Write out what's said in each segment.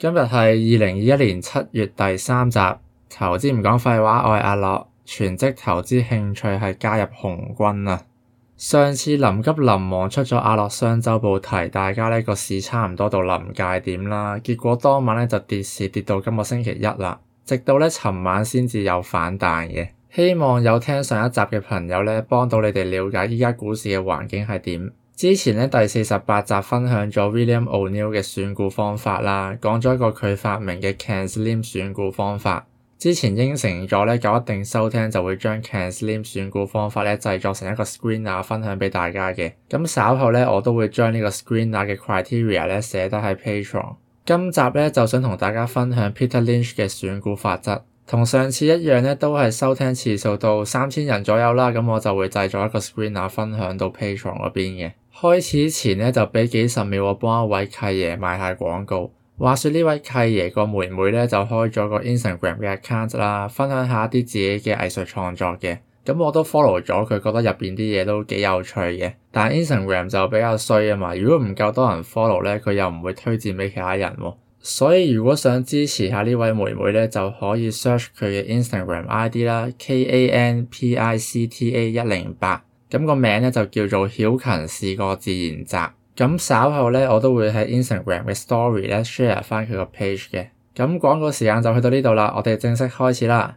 今日係二零二一年七月第三集，投資唔講廢話，我係阿樂，全職投資興趣係加入紅軍啊！上次臨急臨忙出咗阿樂雙周報提，大家呢個市差唔多到臨界點啦，結果當晚呢就跌市跌到今個星期一啦，直到呢尋晚先至有反彈嘅。希望有聽上一集嘅朋友呢，幫到你哋了解而家股市嘅環境係點。之前咧第四十八集分享咗 William O'Neill 嘅選股方法啦，講咗一個佢發明嘅 Can Slim 選股方法。之前應承咗咧，夠一定收聽就會將 Can Slim 選股方法咧製作成一個 Screener 分享俾大家嘅。咁稍後咧我都會將呢個 Screener 嘅 criteria 咧寫得喺 Patreon。今集咧就想同大家分享 Peter Lynch 嘅選股法則，同上次一樣咧都係收聽次數到三千人左右啦，咁我就會製作一個 Screener 分享到 Patreon 嗰邊嘅。開始前呢，就畀幾十秒我幫一位契爺賣下廣告。話說呢位契爺個妹妹呢，就開咗個 Instagram 嘅 account 啦，分享下啲自己嘅藝術創作嘅。咁我都 follow 咗佢，覺得入邊啲嘢都幾有趣嘅。但 Instagram 就比較衰啊嘛，如果唔夠多人 follow 呢，佢又唔會推薦畀其他人喎、啊。所以如果想支持下呢位妹妹呢，就可以 search 佢嘅 Instagram ID 啦，K A N P I C T A 一零八。咁個名咧就叫做曉勤試過自然集，咁稍後咧我都會喺 Instagram 嘅 Story 咧 share 返佢個 page 嘅，咁廣告時間就去到呢度啦，我哋正式開始啦。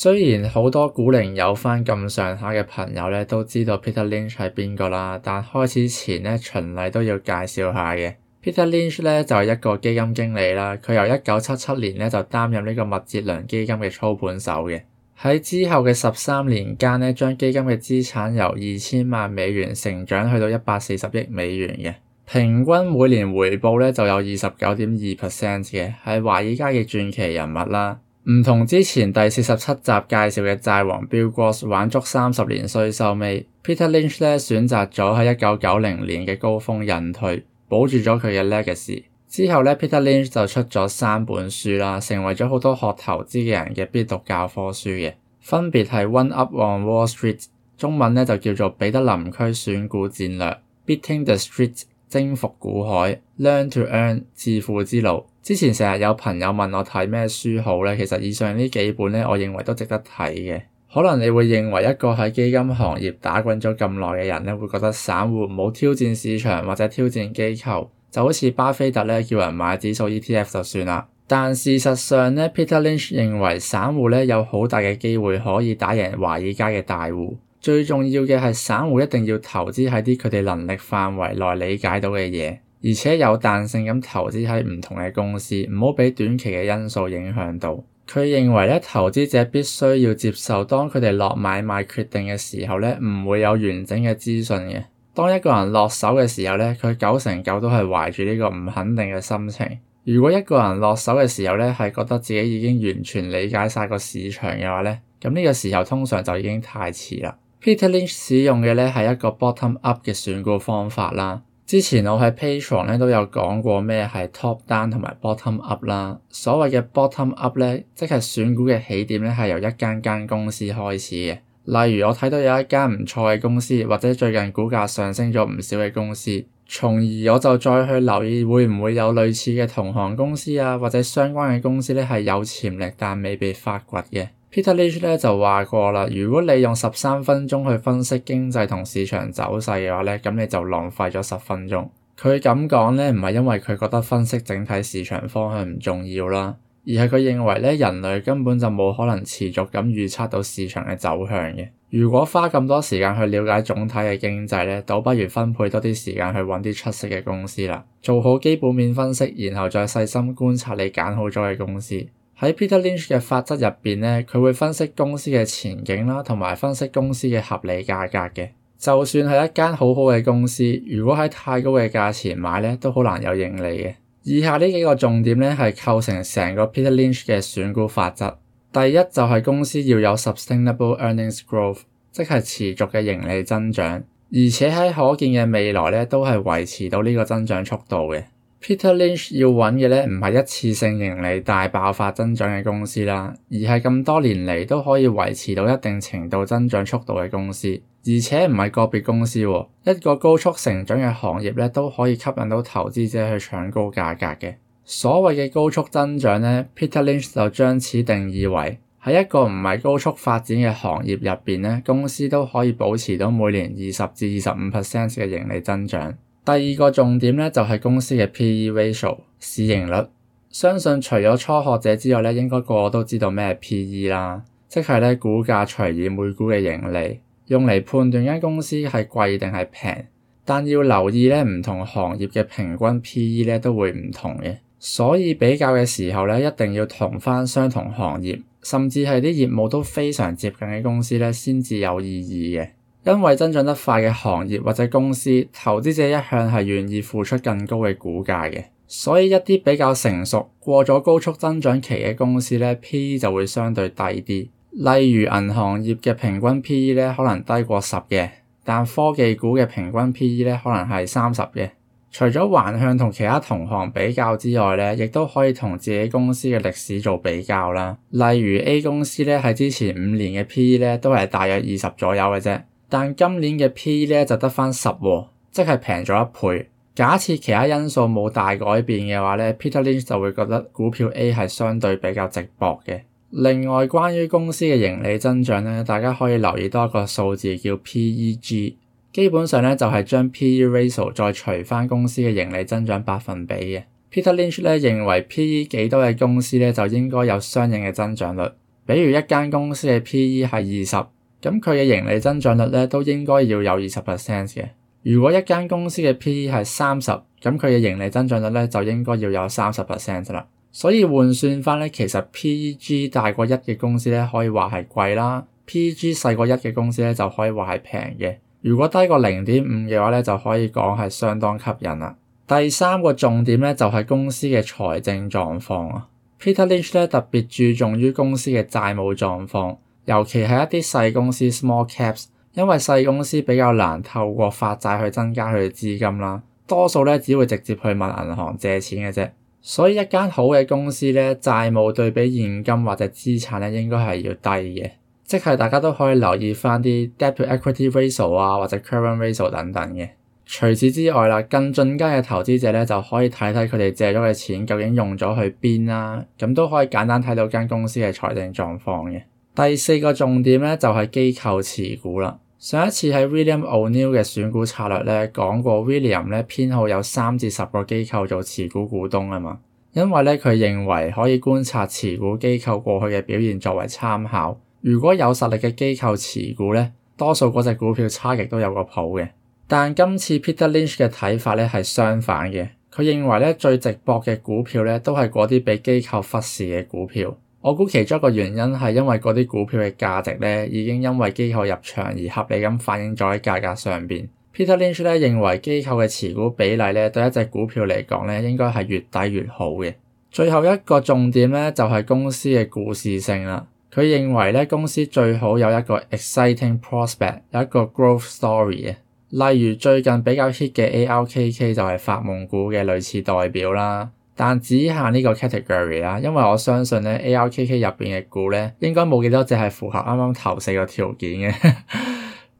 雖然好多股齡有翻咁上下嘅朋友咧都知道 Peter Lynch 係邊個啦，但開始前咧循例都要介紹下嘅。Peter Lynch 咧就係、是、一個基金經理啦，佢由一九七七年咧就擔任呢個麥哲倫基金嘅操盤手嘅，喺之後嘅十三年間咧將基金嘅資產由二千萬美元成長去到一百四十億美元嘅，平均每年回報咧就有二十九點二 percent 嘅，係華爾街嘅傳奇人物啦。唔同之前第四十七集介紹嘅債王 Bill Gross 玩足三十年衰收尾，Peter Lynch 呢選擇咗喺一九九零年嘅高峰引退，保住咗佢嘅 legacy。之後呢 Peter Lynch 就出咗三本書啦，成為咗好多學投資嘅人嘅必讀教科書嘅，分別係《One Up on Wall Street》，中文呢就叫做《彼得林區選股戰略》；《Beating the Street》，征服股海；《Learn to Earn》，致富之路。之前成日有朋友問我睇咩書好咧，其實以上呢幾本咧，我認為都值得睇嘅。可能你會認為一個喺基金行業打滾咗咁耐嘅人咧，會覺得散戶冇挑戰市場或者挑戰機構，就好似巴菲特咧叫人買指數 ETF 就算啦。但事實上咧，Peter Lynch 認為散戶咧有好大嘅機會可以打贏華爾街嘅大戶。最重要嘅係，散戶一定要投資喺啲佢哋能力範圍內理解到嘅嘢。而且有彈性咁投資喺唔同嘅公司，唔好俾短期嘅因素影響到。佢認為咧，投資者必須要接受，當佢哋落買賣決定嘅時候咧，唔會有完整嘅資訊嘅。當一個人落手嘅時候咧，佢九成九都係懷住呢個唔肯定嘅心情。如果一個人落手嘅時候咧，係覺得自己已經完全理解晒個市場嘅話咧，咁呢個時候通常就已經太遲啦。Peter Lynch 使用嘅咧係一個 bottom up 嘅選股方法啦。之前我喺 Patreon 咧都有講過咩係 Top Down 同埋 Bottom Up 啦。所謂嘅 Bottom Up 咧，即係選股嘅起點咧係由一間間公司開始嘅。例如我睇到有一間唔錯嘅公司，或者最近股價上升咗唔少嘅公司，從而我就再去留意會唔會有類似嘅同行公司啊，或者相關嘅公司咧係有潛力但未被發掘嘅。Peter Lynch 咧就話過啦，如果你用十三分鐘去分析經濟同市場走勢嘅話咧，咁你就浪費咗十分鐘。佢咁講咧，唔係因為佢覺得分析整體市場方向唔重要啦，而係佢認為咧，人類根本就冇可能持續咁預測到市場嘅走向嘅。如果花咁多時間去了解總體嘅經濟咧，倒不如分配多啲時間去揾啲出色嘅公司啦，做好基本面分析，然後再細心觀察你揀好咗嘅公司。喺 Peter Lynch 嘅法則入邊咧，佢會分析公司嘅前景啦，同埋分析公司嘅合理價格嘅。就算係一間好好嘅公司，如果喺太高嘅價錢買咧，都好難有盈利嘅。以下呢幾個重點咧，係構成成個 Peter Lynch 嘅選股法則。第一就係公司要有 sustainable earnings growth，即係持續嘅盈利增長，而且喺可見嘅未來咧，都係維持到呢個增長速度嘅。Peter Lynch 要揾嘅咧，唔係一次性盈利大爆發增長嘅公司啦，而係咁多年嚟都可以維持到一定程度增長速度嘅公司，而且唔係個別公司喎。一個高速成長嘅行業咧，都可以吸引到投資者去搶高價格嘅。所謂嘅高速增長咧，Peter Lynch 就將此定義為喺一個唔係高速發展嘅行業入邊咧，公司都可以保持到每年二十至二十五 percent 嘅盈利增長。第二個重點咧，就係公司嘅 P/E ratio 市盈率。相信除咗初學者之外咧，應該個個都知道咩係 P/E 啦，即係咧股價除以每股嘅盈利，用嚟判斷間公司係貴定係平。但要留意咧，唔同行業嘅平均 P/E 咧都會唔同嘅，所以比較嘅時候咧一定要同返相同行業，甚至係啲業務都非常接近嘅公司咧，先至有意義嘅。因為增長得快嘅行業或者公司，投資者一向係願意付出更高嘅股價嘅，所以一啲比較成熟過咗高速增長期嘅公司咧，PE 就會相對低啲。例如銀行業嘅平均 PE 咧可能低過十嘅，但科技股嘅平均 PE 咧可能係三十嘅。除咗橫向同其他同行比較之外咧，亦都可以同自己公司嘅歷史做比較啦。例如 A 公司咧喺之前五年嘅 PE 咧都係大約二十左右嘅啫。但今年嘅 PE 咧就得翻十喎，即係平咗一倍。假設其他因素冇大改變嘅話咧，Peter Lynch 就會覺得股票 A 係相對比較值博嘅。另外，關於公司嘅盈利增長咧，大家可以留意多一個數字叫 PEG，基本上咧就係將 PE Ratio 再除翻公司嘅盈利增長百分比嘅。Peter Lynch 咧認為，PE 幾多嘅公司咧就應該有相應嘅增長率，比如一間公司嘅 PE 係二十。咁佢嘅盈利增長率咧都應該要有二十 percent 嘅。如果一間公司嘅 PE 係三十，咁佢嘅盈利增長率咧就應該要有三十 percent 啦。所以換算翻咧，其實 PEG 大過一嘅公司咧可以話係貴啦，PEG 細過一嘅公司咧就可以話係平嘅。如果低過零點五嘅話咧，就可以講係相當吸引啦。第三個重點咧就係、是、公司嘅財政狀況啊。Peter Lynch 咧特別注重於公司嘅債務狀況。尤其係一啲細公司 （small caps），因為細公司比較難透過發債去增加佢嘅資金啦，多數咧只會直接去問銀行借錢嘅啫。所以一間好嘅公司咧，債務對比現金或者資產咧，應該係要低嘅，即係大家都可以留意翻啲 debt to equity ratio 啊，或者 current ratio 等等嘅。除此之外啦，更進階嘅投資者咧，就可以睇睇佢哋借咗嘅錢究竟用咗去邊啦，咁都可以簡單睇到間公司嘅財政狀況嘅。第四個重點咧，就係機構持股啦。上一次喺 William O'Neill 嘅選股策略咧講過，William 咧偏好有三至十個機構做持股股東啊嘛。因為咧佢認為可以觀察持股機構過去嘅表現作為參考。如果有實力嘅機構持股咧，多數嗰隻股票差極都有個譜嘅。但今次 Peter Lynch 嘅睇法咧係相反嘅。佢認為咧最值博嘅股票咧都係嗰啲俾機構忽視嘅股票。我估其中一個原因係因為嗰啲股票嘅價值咧，已經因為機構入場而合理咁反映咗喺價格上邊。Peter Lynch 咧認為機構嘅持股比例咧，對一隻股票嚟講咧，應該係越低越好嘅。最後一個重點咧，就係、是、公司嘅故事性啦。佢認為咧，公司最好有一個 exciting prospect，有一個 growth story 嘅。例如最近比較 hit 嘅 ARKK 就係發夢股嘅類似代表啦。但只限呢個 category 啦，因為我相信呢 ARKK 入邊嘅股呢應該冇幾多隻係符合啱啱頭四個條件嘅。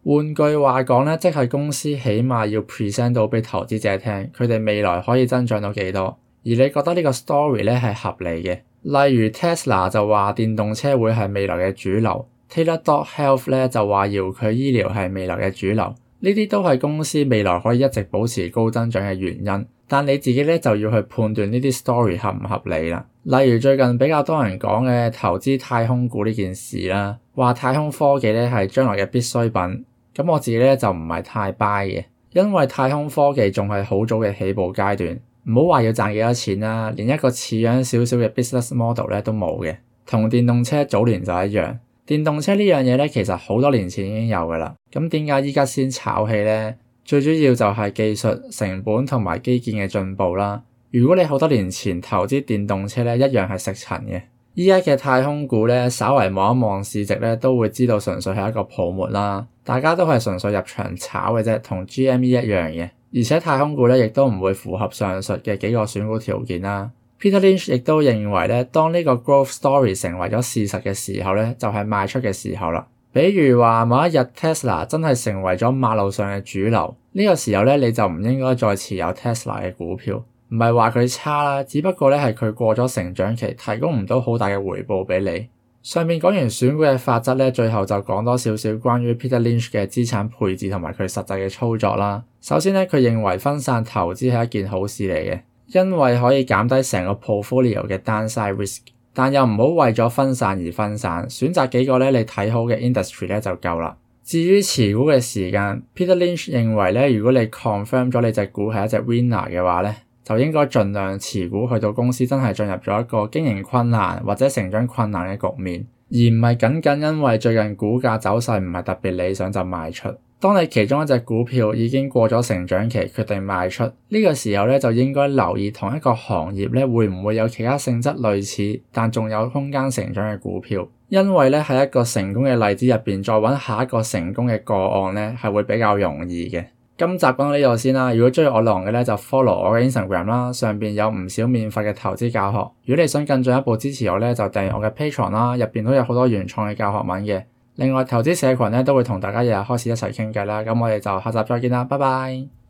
換 句話講呢，即係公司起碼要 present 到畀投資者聽，佢哋未來可以增長到幾多，而你覺得呢個 story 呢係合理嘅。例如 Tesla 就話電動車會係未來嘅主流，Teladoc Health 呢就話遙距醫療係未來嘅主流， 呢啲都係公司未來可以一直保持高增長嘅原因。但你自己咧就要去判斷呢啲 story 合唔合理啦。例如最近比較多人講嘅投資太空股呢件事啦，話太空科技咧係將來嘅必需品。咁我自己咧就唔係太 buy 嘅，因為太空科技仲係好早嘅起步階段。唔好話要賺幾多錢啦，連一個似樣少少嘅 business model 咧都冇嘅。同電動車早年就一樣。電動車呢樣嘢咧其實好多年前已經有㗎喇。咁點解依家先炒起咧？最主要就係技術成本同埋基建嘅進步啦。如果你好多年前投資電動車咧，一樣係食塵嘅。依家嘅太空股咧，稍為望一望市值咧，都會知道純粹係一個泡沫啦。大家都係純粹入場炒嘅啫，同 GME 一樣嘅。而且太空股咧，亦都唔會符合上述嘅幾個選股條件啦。Peter Lynch 亦都認為咧，當呢個 growth story 成為咗事實嘅時候咧，就係賣出嘅時候啦。比如話，某一日 Tesla 真係成為咗馬路上嘅主流，呢個時候咧，你就唔應該再持有 Tesla 嘅股票。唔係話佢差啦，只不過咧，係佢過咗成長期，提供唔到好大嘅回報俾你。上面講完選股嘅法則咧，最後就講多少少關於 Peter Lynch 嘅資產配置同埋佢實際嘅操作啦。首先咧，佢認為分散投資係一件好事嚟嘅，因為可以減低成個 portfolio 嘅 downside risk。但又唔好為咗分散而分散，選擇幾個咧你睇好嘅 industry 咧就夠啦。至於持股嘅時間，Peter Lynch 認為咧，如果你 confirm 咗你隻股係一隻 winner 嘅話咧，就應該盡量持股去到公司真係進入咗一個經營困難或者成長困難嘅局面，而唔係僅僅因為最近股價走勢唔係特別理想就賣出。當你其中一隻股票已經過咗成長期，決定賣出，呢個時候呢，就應該留意同一個行業呢，會唔會有其他性質類似但仲有空間成長嘅股票？因為呢，喺一個成功嘅例子入邊，再揾下一個成功嘅個案呢，係會比較容易嘅。今集講到呢度先啦。如果中意我內容嘅呢，就 follow 我嘅 Instagram 啦，上面有唔少免費嘅投資教學。如果你想更進一步支持我呢，就訂閱我嘅 Patreon 啦，入邊都有好多原創嘅教學文嘅。另外，投資社群咧都會同大家日日開始一齊傾偈啦。咁我哋就下集再見啦，拜拜。